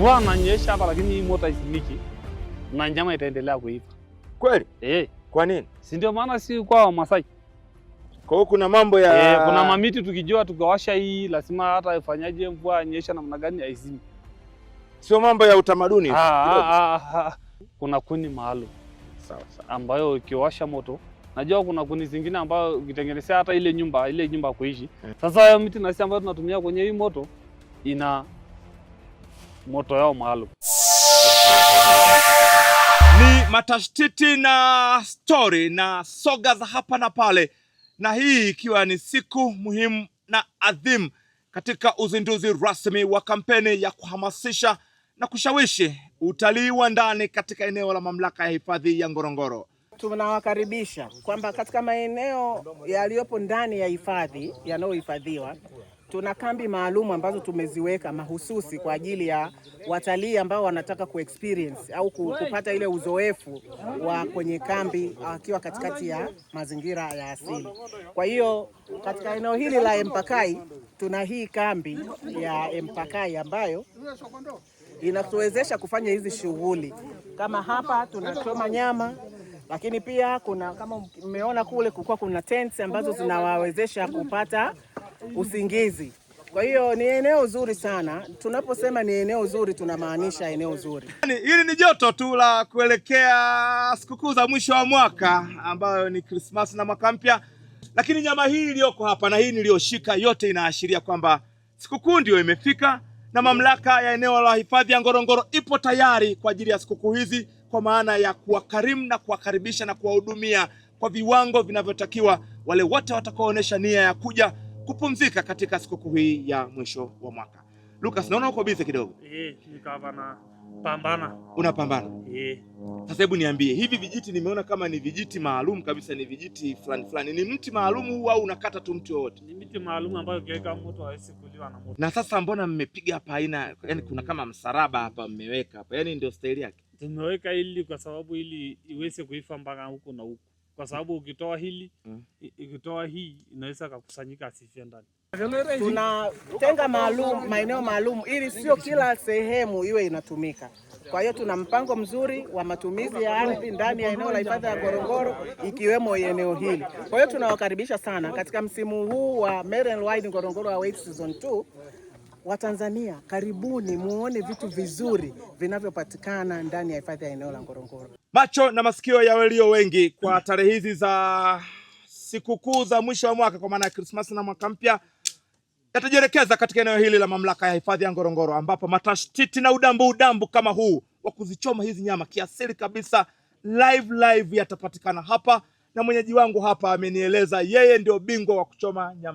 Mvua ananyesha hapa lakini hii moto isimiki na njama itaendelea kuiva. Kweli? Eh. Kwa nini? Si ndio maana si kwa Wamasai. Kwa hiyo kuna mambo ya eh, kuna mamiti tukijua tukawasha hii lazima hata ifanyaje mvua nyesha namna gani haizimi. Sio mambo ya utamaduni. Ah, ah, ah, ah kuna kuni maalum. Sawa sawa. Ambayo ikiwasha moto najua kuna kuni zingine ambayo ukitengenezea hata ile nyumba ile nyumba kuishi. Hmm. Sasa hiyo miti nasi ambayo tunatumia kwenye hii moto ina moto yao maalum. Ni matashtiti na stori na soga za hapa na pale, na hii ikiwa ni siku muhimu na adhimu katika uzinduzi rasmi wa kampeni ya kuhamasisha na kushawishi utalii wa ndani katika eneo la mamlaka ya hifadhi ya Ngorongoro. Tunawakaribisha kwamba katika maeneo yaliyopo ndani ya hifadhi yanayohifadhiwa Tuna kambi maalum ambazo tumeziweka mahususi kwa ajili ya watalii ambao wanataka experience au kupata ile uzoefu wa kwenye kambi uh, akiwa katikati ya mazingira ya asili. Kwa hiyo katika eneo hili la Empakai tuna hii kambi ya Empakai ambayo inatuwezesha kufanya hizi shughuli kama hapa tunachoma nyama lakini pia kuna kama mmeona kule kulikuwa kuna tents ambazo zinawawezesha kupata usingizi. Kwa hiyo ni eneo zuri sana. Tunaposema ni eneo zuri, tunamaanisha eneo zuri. Yaani, hili ni joto tu la kuelekea sikukuu za mwisho wa mwaka ambayo ni Krismasi na mwaka mpya, lakini nyama hii iliyoko hapa na hii niliyoshika, yote inaashiria kwamba sikukuu ndiyo imefika na mamlaka ya eneo la hifadhi ya Ngorongoro ipo tayari kwa ajili ya sikukuu hizi, kwa maana ya kuwakarimu na kuwakaribisha na kuwahudumia kwa viwango vinavyotakiwa wale wote watakaoonyesha nia ya kuja kupumzika katika sikukuu hii ya mwisho wa mwaka. Lucas, naona uko bize kidogo. Eh, nikawa na pambana. Unapambana? Eh. Sasa hebu niambie, hivi vijiti nimeona kama ni vijiti maalum kabisa, ni vijiti fulani fulani, ni mti maalum huu au unakata tu mti wowote? Ni mti maalum ambayo ukiweka moto hawezi kuliwa na moto. Na sasa mbona mmepiga hapa aina, yani kuna kama msaraba hapa mmeweka hapa, yani ndio staili yake? Tumeweka ili kwa sababu ili iweze kuifa mpaka huko na huko kwa sababu ukitoa hili hmm, ukitoa hii inaweza kakusanyika asifia ndani. Tunatenga maalum maeneo maalum ili sio kila sehemu iwe inatumika. Kwa hiyo tuna mpango mzuri wa matumizi ya ardhi ndani ya eneo la hifadhi ya Ngorongoro ikiwemo eneo hili. Kwa hiyo tunawakaribisha sana katika msimu huu wa Mery and Wild Ngorongoro Awaits Season 2. Watanzania karibuni muone vitu vizuri vinavyopatikana ndani ya hifadhi ya eneo la Ngorongoro. Macho na masikio ya walio wengi kwa tarehe hizi za sikukuu za mwisho wa mwaka kwa maana ya Christmas na mwaka mpya yatajielekeza katika eneo hili la mamlaka ya hifadhi ya Ngorongoro, ambapo matashtiti na udambu udambu kama huu wa kuzichoma hizi nyama kiasili kabisa live live yatapatikana hapa, na mwenyeji wangu hapa amenieleza yeye ndio bingwa wa kuchoma nyama.